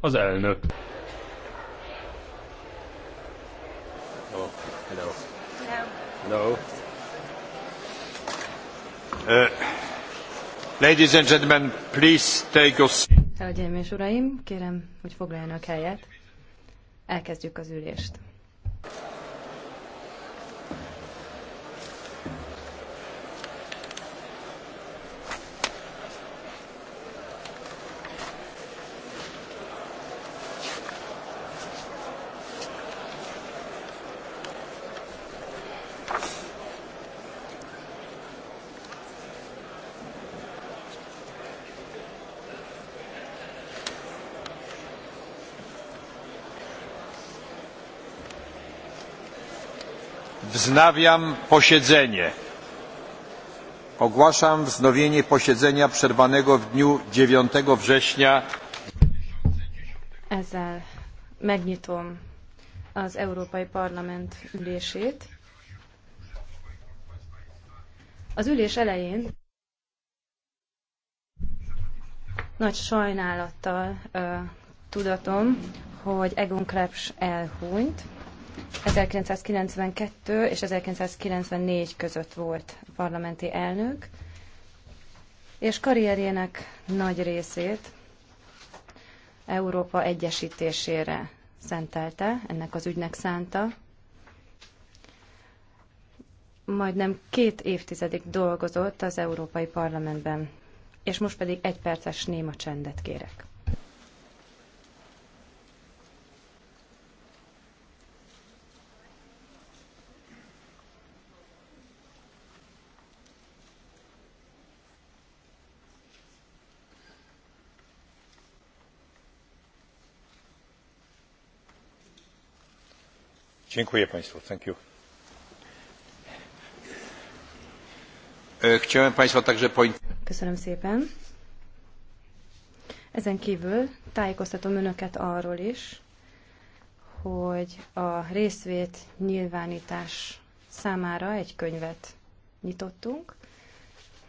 az elnök. Hölgyeim és uraim, kérem, hogy foglaljanak helyet. Elkezdjük az ülést. Wznawiam posiedzenie. Ogłaszam wznowienie posiedzenia przerwanego w dniu 9 września. Ezzel megnyitom az Európai Parlament ülését. Az ülés elején nagy sajnálattal uh, tudatom, hogy Egon Krebs elhunyt. 1992 és 1994 között volt parlamenti elnök, és karrierjének nagy részét Európa egyesítésére szentelte, ennek az ügynek szánta. Majdnem két évtizedig dolgozott az Európai Parlamentben, és most pedig egy perces néma csendet kérek. E, Köszönöm szépen. Ezen kívül tájékoztatom önöket arról is, hogy a részvét nyilvánítás számára egy könyvet nyitottunk,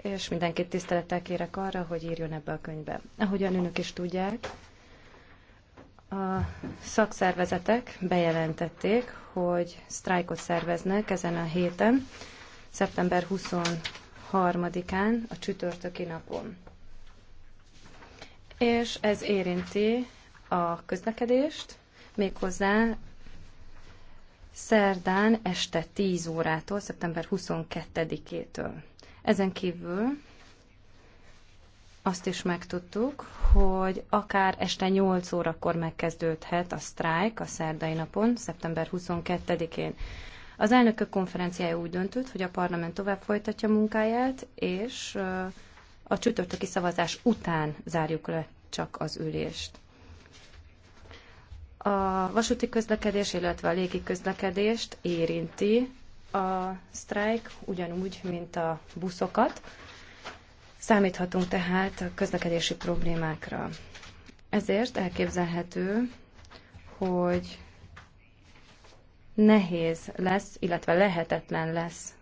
és mindenkit tisztelettel kérek arra, hogy írjon ebbe a könyvbe. Ahogyan önök is tudják, a szakszervezetek bejelentették, hogy sztrájkot szerveznek ezen a héten, szeptember 23-án, a csütörtöki napon. És ez érinti a közlekedést, méghozzá szerdán este 10 órától, szeptember 22-től. Ezen kívül azt is megtudtuk, hogy akár este 8 órakor megkezdődhet a sztrájk a szerdai napon, szeptember 22-én. Az elnökök konferenciája úgy döntött, hogy a parlament tovább folytatja munkáját, és a csütörtöki szavazás után zárjuk le csak az ülést. A vasúti közlekedés, illetve a légi közlekedést érinti a sztrájk, ugyanúgy, mint a buszokat. Számíthatunk tehát a közlekedési problémákra. Ezért elképzelhető, hogy nehéz lesz, illetve lehetetlen lesz